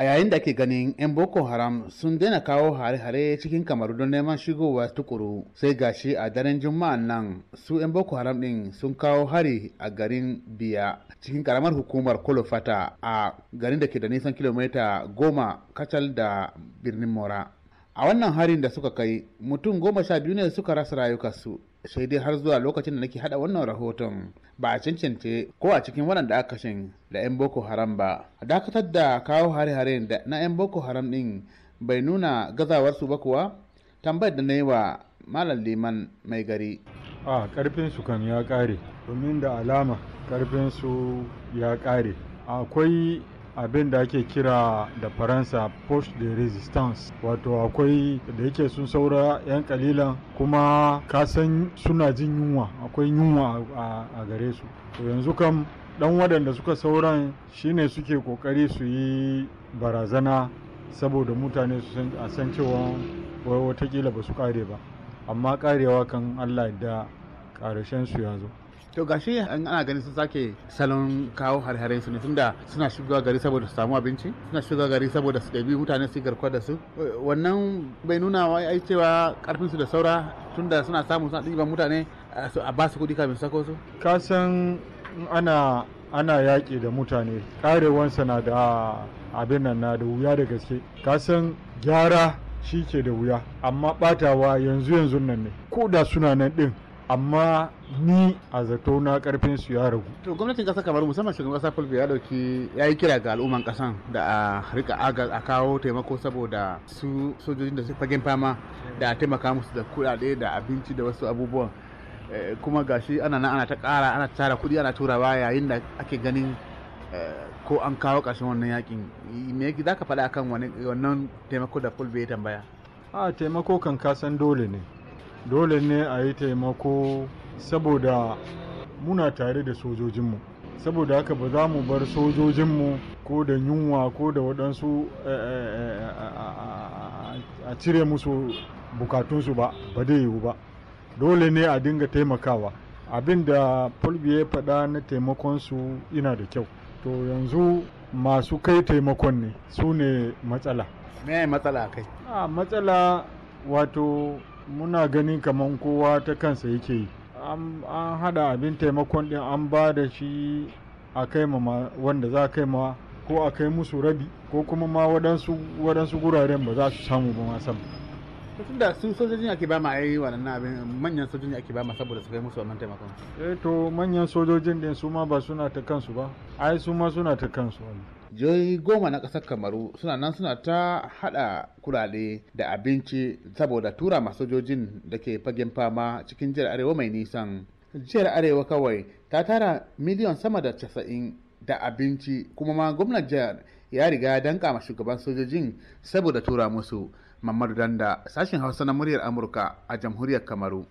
a yayin da ake ganin 'yan boko haram sun daina kawo hare-hare cikin kamaru don neman shigowa tukuru sai gashi a daren juma'an nan su 'yan boko haram din sun kawo hari a garin biya cikin karamar hukumar kolofata a garin da ke da nisan kilomita goma kacal da birnin mora a wannan harin da suka kai mutum goma sha biyu ne suka rasa rayukarsu sai dai har zuwa lokacin da nake hada wannan rahoton ba a cancance ko a cikin waɗanda aka shin da 'yan boko haram ba dakatar da kawo hare-hare na 'yan boko haram ɗin bai nuna gazawarsu ba kuwa tambayar da na yi wa malam liman mai gari a karfin su kan ya kare domin da alama karfin su ya kare akwai abin da ake kira da faransa post de resistance wato akwai da yake sun saura 'yan kalilan kuma kasan suna jin yunwa akwai yunwa a gare su to yanzu kam dan waɗanda suka sauran shine suke kokari su yi barazana saboda mutane su a san cewa watakila ba su kare ba amma karewa kan allah da ƙarashen su ya zo to gashi an ana ganin sun sake salon kawo harharen su ne tunda suna shiga gari saboda su samu abinci suna shiga gari saboda su ɗabi mutane su garkuwa da su wannan bai nuna wa ai cewa karfin su da saura tunda suna samu suna ɗiban mutane a ba su kuɗi kafin sako su ka san ana ana yaƙi da mutane ƙarewansa na da abin nan na da wuya da gaske ka san gyara shi ke da wuya amma ɓatawa yanzu yanzu nan ne ko da suna nan ɗin amma ni a zato na karfin su ya ragu to gwamnatin kasa kamar musamman shugaban kasa fulbe ya dauki ya yi kira ga al'umman kasan da a rika aga a kawo taimako saboda su sojojin da su fagen fama da a taimaka musu da kudade da abinci da wasu abubuwan eh, kuma gashi ana nan ana ta ƙara ana tara kuɗi ana turawa yayin da ake ganin eh, ko an kawo ƙarshen wannan yakin me yake za faɗa akan wannan taimako da fulbe ya tambaya a taimako kan kasan dole ne dole ne a yi taimako saboda muna tare da sojojinmu saboda haka ba za mu bar sojojinmu ko da yunwa ko da waɗansu eh, eh, eh, a cire musu bukatunsu ba ba da yiwu ba dole ne a dinga taimakawa abin da ya faɗa na taimakonsu ina da kyau to yanzu masu kai taimakon ne su ne matsala me matsala kai a ah, matsala wato muna ganin kamar kowa ta kansa yake yi an hada abin taimakon din an ba da shi a kai ma wanda za kai ma ko a kai musu rabi ko kuma ma waɗansu guraren ba za su samu ba ma tun da su sojojin ake ba ma yi wannan abin manyan sojojin ake ba ma saboda su kai musu wannan taimakon eh to manyan sojojin din su ma ba suna ta kansu ba ai su ma suna ta kansu jihohi goma na ƙasar kamaru suna nan suna ta haɗa kurade da abinci saboda tura sojojin da ke fagen fama cikin jihar arewa mai nisan jihar arewa kawai ta tara miliyan sama da casa'in da abinci kuma ma gwamnan jihar ya riga danka ma shugaban sojojin saboda tura musu mamadu danda sashen hausa na muryar amurka a jamhuriyar kamaru